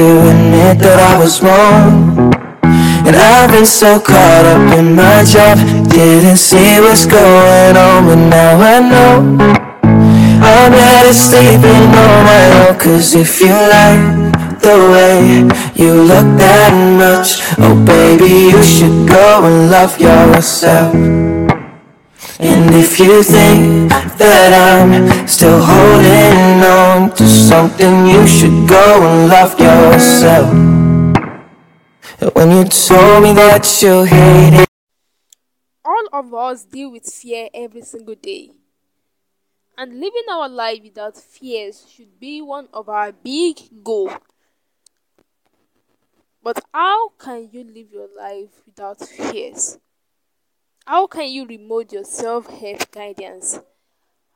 to admit that I was wrong. And I've been so caught up in my job, didn't see what's going on, but now I know. I'm better sleeping on my own, cause if you like the way you look that much, oh baby, you should go and love yourself. And if you think that I'm still holding on to something, you should go and love yourself. When you told me that you hated. All of us deal with fear every single day. And living our life without fears should be one of our big goals. But how can you live your life without fears? How can you remote your self-help guidance?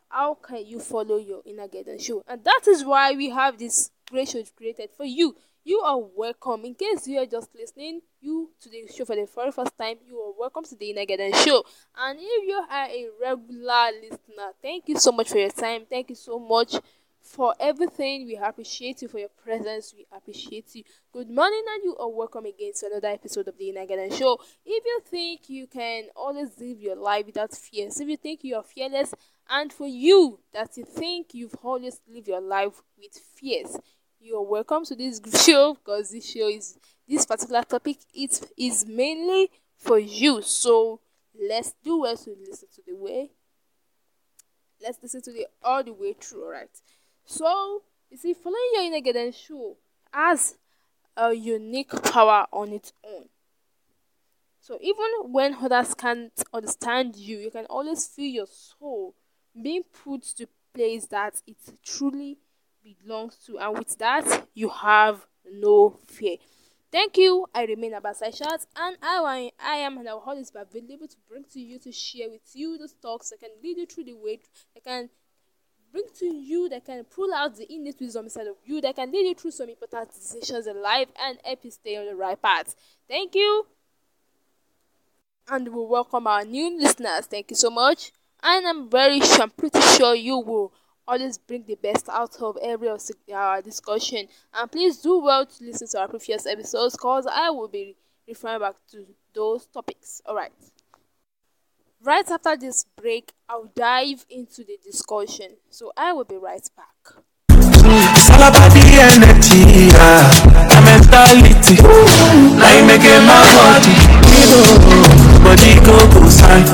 How can you follow your inner guidance? Show? And that is why we have this great show created for you. You are welcome. In case you are just listening, you to the show for the very first time, you are welcome to the Inner Guidance Show. And if you are a regular listener, thank you so much for your time. Thank you so much for everything. We appreciate you for your presence. We appreciate you. Good morning, and you are welcome again to another episode of the Inagadan Show. If you think you can always live your life without fear, if you think you are fearless, and for you that you think you've always lived your life with fears, you are welcome to this show because this show is this particular topic it is mainly for you. So let's do well to listen to the way. Let's listen to the all the way through, alright? So, you see, following your inner guidance show has a unique power on its own. So, even when others can't understand you, you can always feel your soul being put to place that it truly belongs to, and with that, you have no fear. Thank you. I remain Abasai Shat, and I, I am an alcoholic, but available to bring to you to share with you those talks that can lead you through the way that can bring to you that can pull out the innate wisdom inside of you that can lead you through some important decisions in life and help you stay on the right path. Thank you. And we welcome our new listeners. Thank you so much. And I'm very sure, I'm pretty sure you will always bring the best out of every of our discussion. And please do well to listen to our previous episodes because I will be referring back to those topics. All right. Right after this break, I'll dive into the discussion. So I will be right back. It's all about the energy, yeah. mentality. Now uh, you make my body, body go go sign.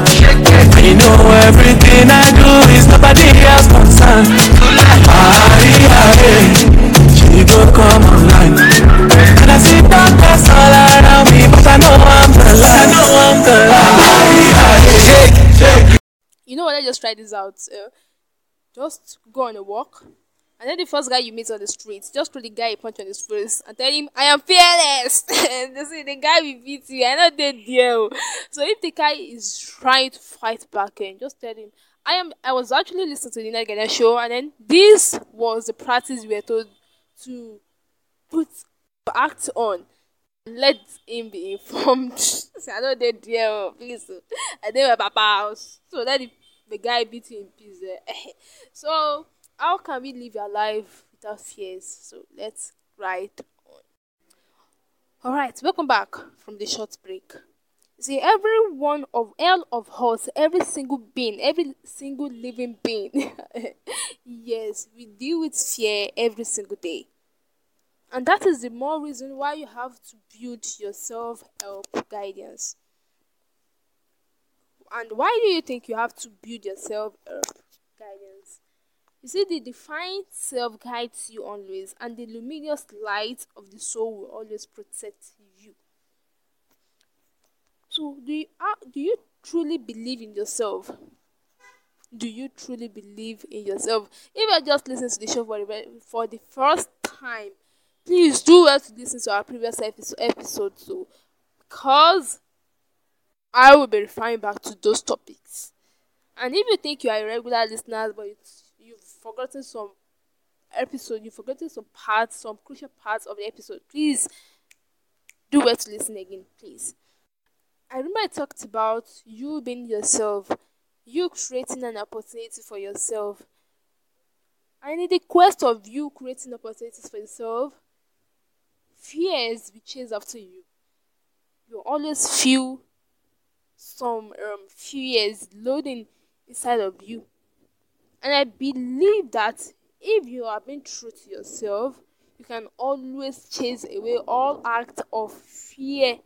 know everything I do is nobody else concerned. just try this out. Uh, just go on a walk, and then the first guy you meet on the street, just throw the guy a punch on his face and tell him, "I am fearless." and they say the guy will beat you. I know they deal. So if the guy is trying to fight back, and just tell him, "I am." I was actually listening to the Nigerian show, and then this was the practice we were told to put act on let him be informed. I know they deal, please. And then my papa, so that the the guy beat him peace eh? so how can we live our life without fears? So let's write on. All right, welcome back from the short break. See, every one of all of us, every single being, every single living being, yes, we deal with fear every single day. And that is the more reason why you have to build your self help guidance and why do you think you have to build yourself um, guidance you see the divine self guides you always and the luminous light of the soul will always protect you so do you, uh, do you truly believe in yourself do you truly believe in yourself if you're just listening to the show for the, for the first time please do well to listen to our previous episode, episode so because I will be referring back to those topics. And if you think you are a regular listener but you've forgotten some episode, you've forgotten some parts, some crucial parts of the episode, please do well to listen again, please. I remember I talked about you being yourself, you creating an opportunity for yourself. And in the quest of you creating opportunities for yourself, fears will chase after you. You always feel some um few years loading inside of you and i believe that if you are being true to yourself you can always chase away all acts of fear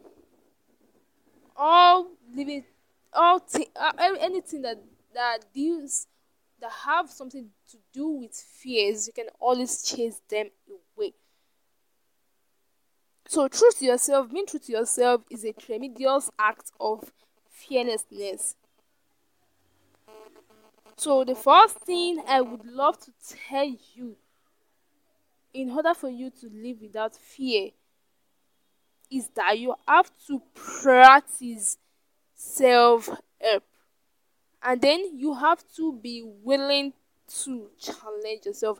all living all uh, anything that that deals that have something to do with fears you can always chase them away so true to yourself being true to yourself is a tremendous act of fearlessness. So, the first thing I would love to tell you in order for you to live without fear is that you have to practice self help. And then you have to be willing to challenge yourself,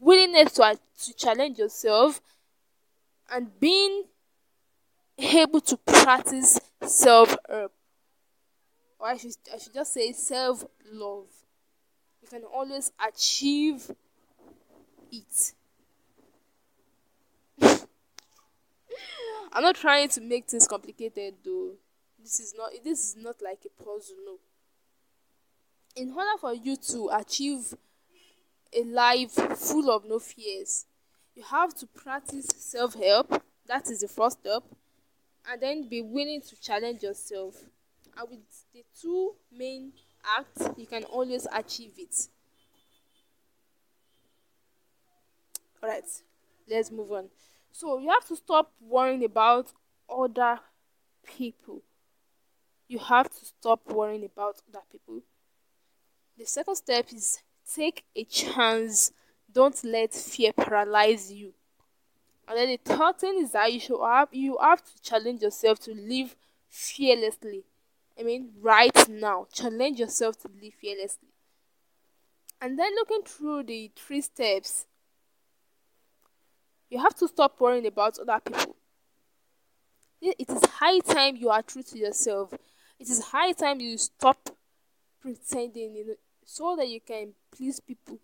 willingness to, to challenge yourself, and being able to practice self help or I should, I should just say self love. You can always achieve it. I'm not trying to make things complicated though. This is not this is not like a puzzle, no. In order for you to achieve a life full of no fears, you have to practice self-help. That is the first step. And then be willing to challenge yourself and with the two main acts you can always achieve it all right let's move on so you have to stop worrying about other people you have to stop worrying about other people the second step is take a chance don't let fear paralyze you and then the third thing is that you should have you have to challenge yourself to live fearlessly I mean, right now. Challenge yourself to live fearlessly. And then looking through the three steps, you have to stop worrying about other people. It is high time you are true to yourself. It is high time you stop pretending you know, so that you can please people.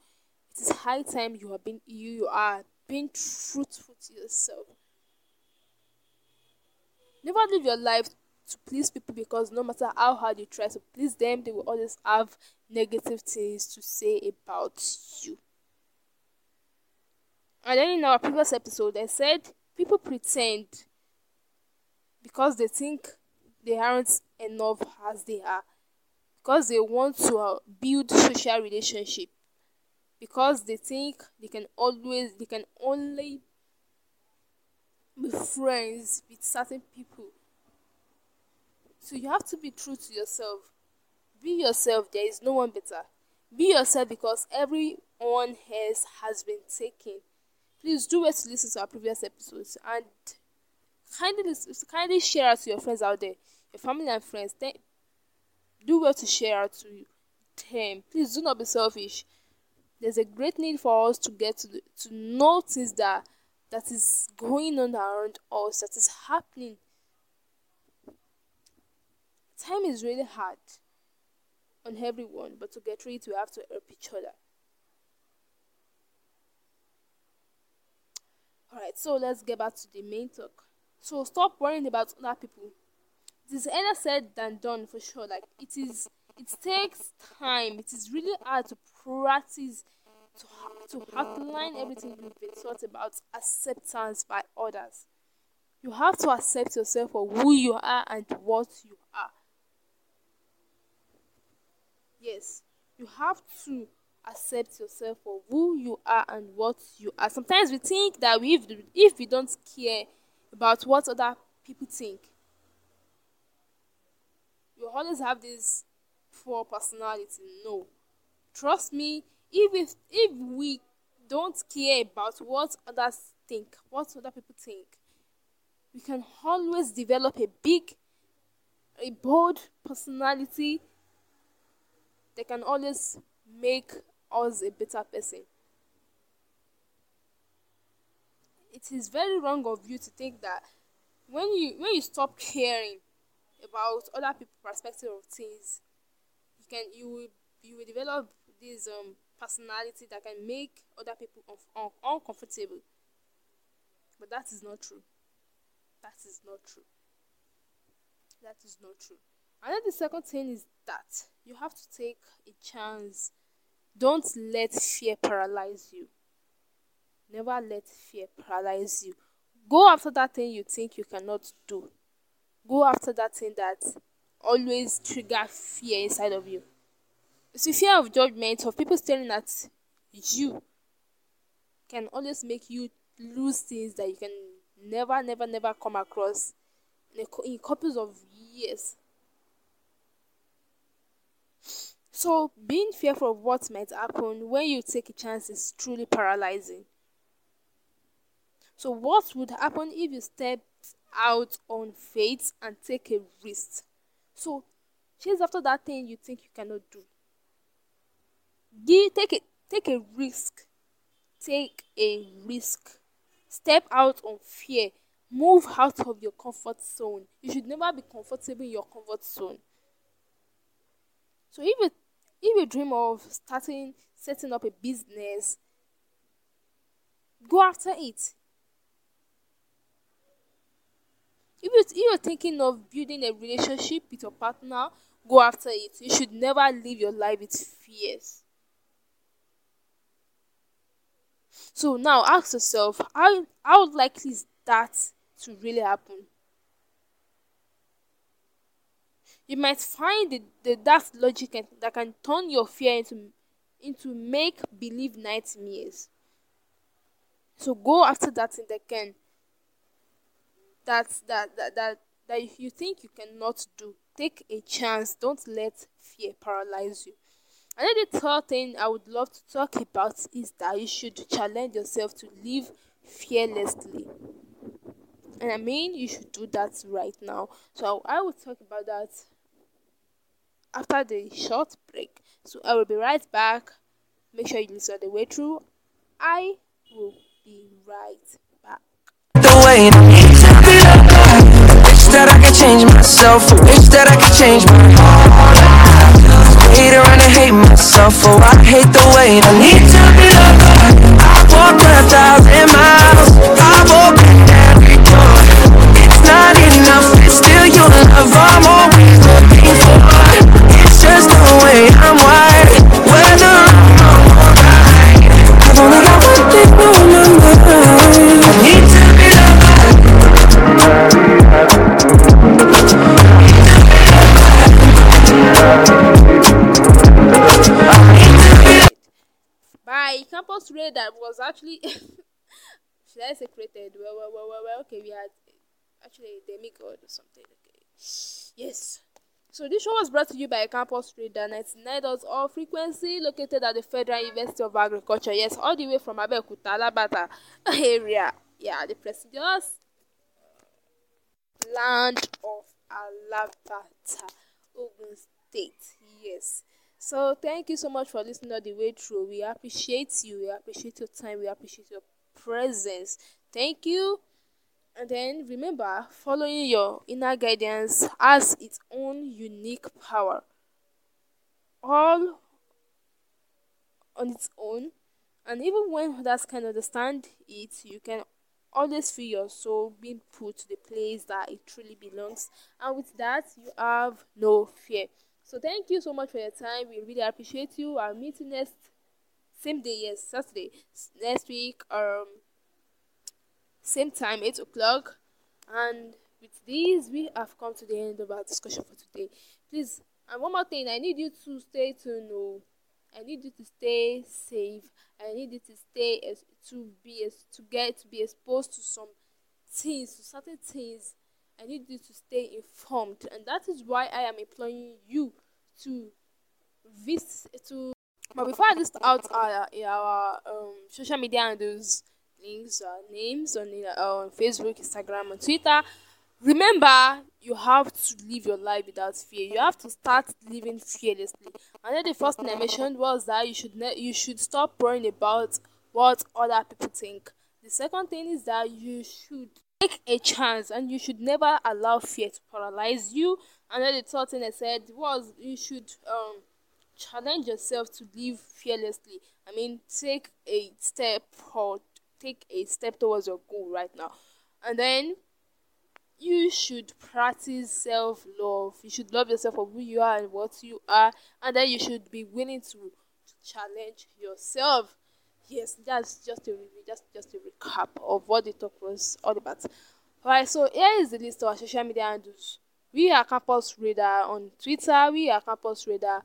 It is high time you are being you, you are being truthful to yourself. Never live your life to please people because no matter how hard you try to please them, they will always have negative things to say about you. And then in our previous episode, I said people pretend because they think they aren't enough as they are, because they want to uh, build social relationship, because they think they can always they can only be friends with certain people so you have to be true to yourself. Be yourself. There is no one better. Be yourself because everyone else has been taken. Please do well to listen to our previous episodes and kindly kindly share out to your friends out there, your family and friends. do well to share out to them. Please do not be selfish. There's a great need for us to get to, the, to notice that that is going on around us, that is happening time is really hard on everyone, but to get through it, we have to help each other. Alright, so let's get back to the main talk. So stop worrying about other people. This is easier said than done for sure. Like it is, it takes time. It is really hard to practice to to outline everything we've been taught about acceptance by others. You have to accept yourself for who you are and what you are yes you have to accept yourself for who you are and what you are sometimes we think that we if, if we don't care about what other people think you always have this poor personality no trust me if if, if we don't care about what others think what other people think we can always develop a big a bold personality they can always make us a better person. It is very wrong of you to think that when you when you stop caring about other people's perspective of things, you can you will you will develop this um personality that can make other people un- un- uncomfortable. But that is not true. That is not true. That is not true. And then the second thing is that you have to take a chance. Don't let fear paralyze you. Never let fear paralyze you. Go after that thing you think you cannot do. Go after that thing that always trigger fear inside of you. It's the fear of judgment, of people staring at you, can always make you lose things that you can never, never, never come across in, in couples of years so being fearful of what might happen when you take a chance is truly paralyzing. So, what would happen if you stepped out on faith and take a risk? So, chase after that thing you think you cannot do. Give, take a take a risk. Take a risk. Step out on fear. Move out of your comfort zone. You should never be comfortable in your comfort zone. So if you if you dream of starting setting up a business, go after it. If you if you're thinking of building a relationship with your partner, go after it. You should never live your life with fears. So now ask yourself how how likely is that to really happen? you might find the, the daft logic that can turn your fear into into make-believe nightmares. So go after that thing that can that that that that, that you think you cannot do. Take a chance. Don't let fear paralyze you. Another third thing I would love to talk about is that you should challenge yourself to live fearlessly. And I mean, you should do that right now. So I will talk about that after the short break. So I will be right back. Make sure you listen the way through. I will be right back. The way wish that I could change myself. wish that I could change my heart. Hate around and hate myself. Oh, I hate the way I need to be loved. should I say created? Well, well, well, well, well, okay, we had actually a demigod or something. Okay. Yes. So this show was brought to you by Campus Radar 99.0 all frequency located at the Federal University of Agriculture. Yes, all the way from Abeokuta, Alabata area. Yeah, the prestigious land of Alabata, Ogun State. Yes. So thank you so much for listening all the way through. We appreciate you. We appreciate your time. We appreciate your presence. Thank you. And then remember, following your inner guidance has its own unique power. All on its own, and even when others can understand it, you can always feel your soul being put to the place that it truly belongs. And with that, you have no fear. So, thank you so much for your time. We really appreciate you. I'll meet you next same day yes saturday next week um same time 8 o'clock and with this we have come to the end of our discussion for today please and one more thing i need you to stay tuned know oh. i need you to stay safe i need you to stay as to be as to get to be exposed to some things to certain things i need you to stay informed and that is why i am employing you to visit to but before I list out our, uh, our um, social media and those links, our uh, names on, uh, on Facebook, Instagram, and Twitter, remember you have to live your life without fear. You have to start living fearlessly. And then the first thing I mentioned was that you should ne- you should stop worrying about what other people think. The second thing is that you should take a chance and you should never allow fear to paralyze you. And then the third thing I said was you should um challenge yourself to live fearlessly i mean take a step or take a step towards your goal right now and then you should practice self love you should love yourself for who you are and what you are and then you should be willing to, to challenge yourself yes that's just a just just a recap of what the talk was all about all right so here is the list of our social media handles we are campus radar on twitter we are campus radar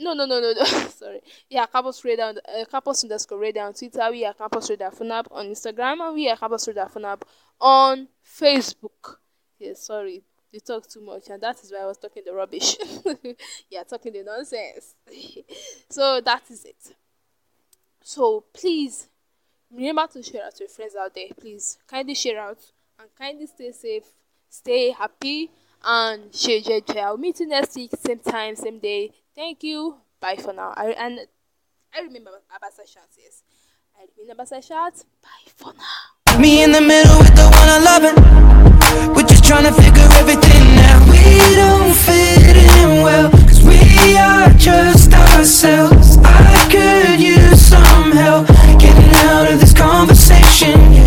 no no no no no sorry yeah campus radar on the, uh, campus underscore radar on twitter we are campus radar funab on instagram and we are campus radar funab on facebook yeah sorry you talk too much and that is why i was talking the rubbish yeah talking the nonsense so that is it so please remember to share out to your friends out there please kindly share out and kindly stay safe stay happy and share i'll meet you next week same time same day Thank you. Bye for now. I, and I remember about shout, yes. I remember Abasa shout. Bye for now. Me in the middle with the one I loving. We're just trying to figure everything out. We don't fit in well, cause we are just ourselves. I could use some help getting out of this conversation.